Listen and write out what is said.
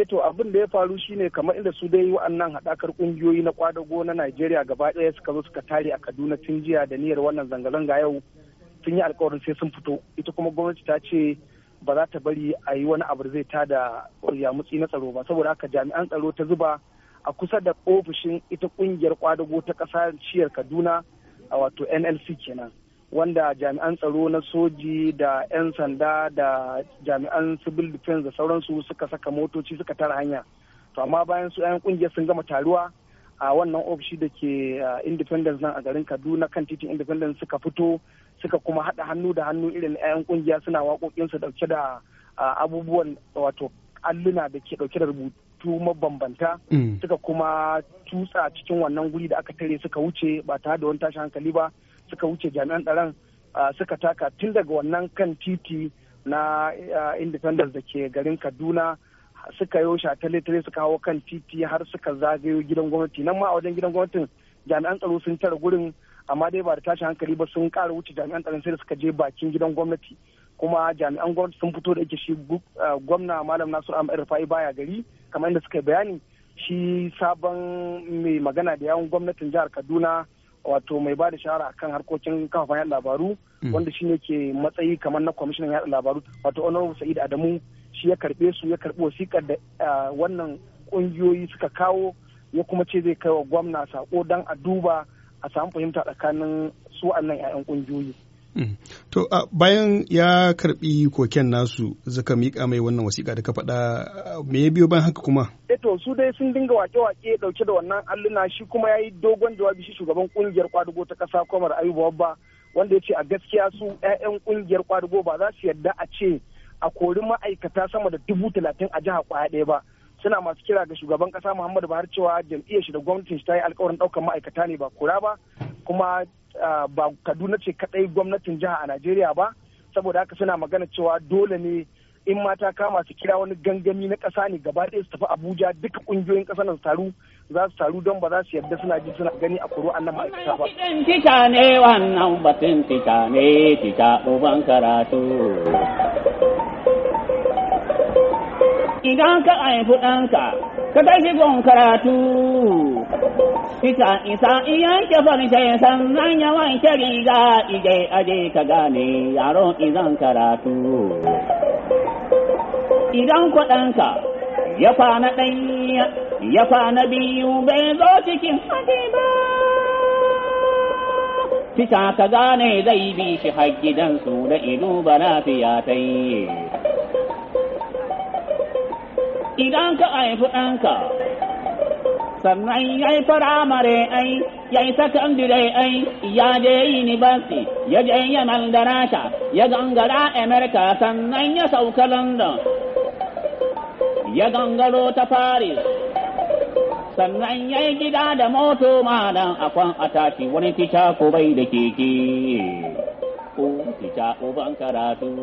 eh to abin da ya faru shine kamar inda su dai wa'annan haɗakar ƙungiyoyi na kwadago na Najeriya gaba ɗaya suka zo suka tare a Kaduna tun jiya da niyyar wannan zanga-zanga yau sun yi alkawarin sai sun fito ita kuma gwamnati ta ce ba za ta bari a yi wani abu zai tada yamutsi na tsaro ba saboda haka jami'an tsaro ta zuba a kusa da ofishin ita kungiyar kwadago ta ƙasar ciyar kaduna a wato nlc kenan wanda jami'an tsaro na soji da 'yan sanda da jami'an civil defense da sauransu suka saka motoci suka tara hanya to amma bayan su 'yan kungiyar sun gama taruwa a wannan ofishi da ke independence nan a garin kaduna kan titin independence suka fito suka kuma haɗa hannu da hannu irin 'yan kungiya suna waƙoƙinsu dauke da abubuwan wato alluna da ke dauke da rubutu mabambanta mm. suka kuma tutsa cikin wannan guri da aka tare suka wuce ba tare da wani tashin hankali ba suka wuce jami'an tsaron ah, suka taka tun daga wannan kan titi na ah, independence da ke garin kaduna suka yo shataletare suka hawo kan titi har suka zagayo gidan gwamnati nan ma a wajen gidan gwamnatin jami'an tsaro sun tara gurin amma dai ba da tashin hankali ba sun kara wuce jami'an tsaron sai da suka je bakin gidan gwamnati kuma jami'an gwamnati sun fito da yake shi ah, gwamna malam nasiru amir rufai baya gari kamar yadda suka yi bayani shi sabon mai magana da yawon gwamnatin jihar kaduna wato mai ba da shawara akan harkokin kafafen yaɗa labaru mm. wanda shi ne ke matsayi kamar na kwamishinan yaɗa labaru wato honorable sa'id adamu shi ya karɓe su ya karɓi wasiƙar da wannan ƙungiyoyi suka kawo ya kuma ce zai kai wa gwamna saƙo don a duba a samu fahimta tsakanin su wa'annan 'ya'yan ƙungiyoyi. Mm. To bayan ya karbi koken nasu zaka miƙa mai wannan wasiƙa da ka faɗa me ya biyo bayan haka kuma? E to su dai sun dinga wake-wake ɗauke da wannan alluna shi kuma ya yi dogon jawabi shi shugaban ƙungiyar kwadugo ta ƙasa kwamar ayuba babba wanda ya ce a gaskiya su 'ya'yan ƙungiyar kwadugo ba za su yarda a ce a kori ma'aikata sama da dubu talatin a jiha kwaya ɗaya ba. suna masu kira ga shugaban kasa muhammadu buhari cewa jam'iyyar shi da gwamnatin shi ta yi alkawarin ɗaukar ma'aikata ne ba kura ba kuma ba kaduna ce kadai gwamnatin jiha a najeriya ba saboda haka suna magana cewa dole ne in mata kama su kira wani gangami na kasa ne gaba ɗaya su tafi abuja duka kungiyoyin kasa nan su taru za su taru don ba za su yarda suna ji suna gani a kuro annan ma'aikata ba. Tita ne wannan batun tita ne tita ɗoban karatu. Idan ka haifi ɗanka, ka kai shi gun karatu, isa isa fari farce sannan ya wanke riga ije aje ka gane yaro izan karatu. Idan ɗanka ya kwana ɗanya ya kwana biyu bai zo cikin haɗe ba. Tisha ka gane zai bi shi har gidansu da ido ba lafiya ta yi. idan ka haifi ɗanka sannan ya yi firamare ai ya yi sakandire ai ya je university ya je yi da ya gangara america sannan ya sauka london ya gangaro ta paris sannan ya yi gida da moto malam akwan ataki wani tica ko bai da keke ko ko uban karatu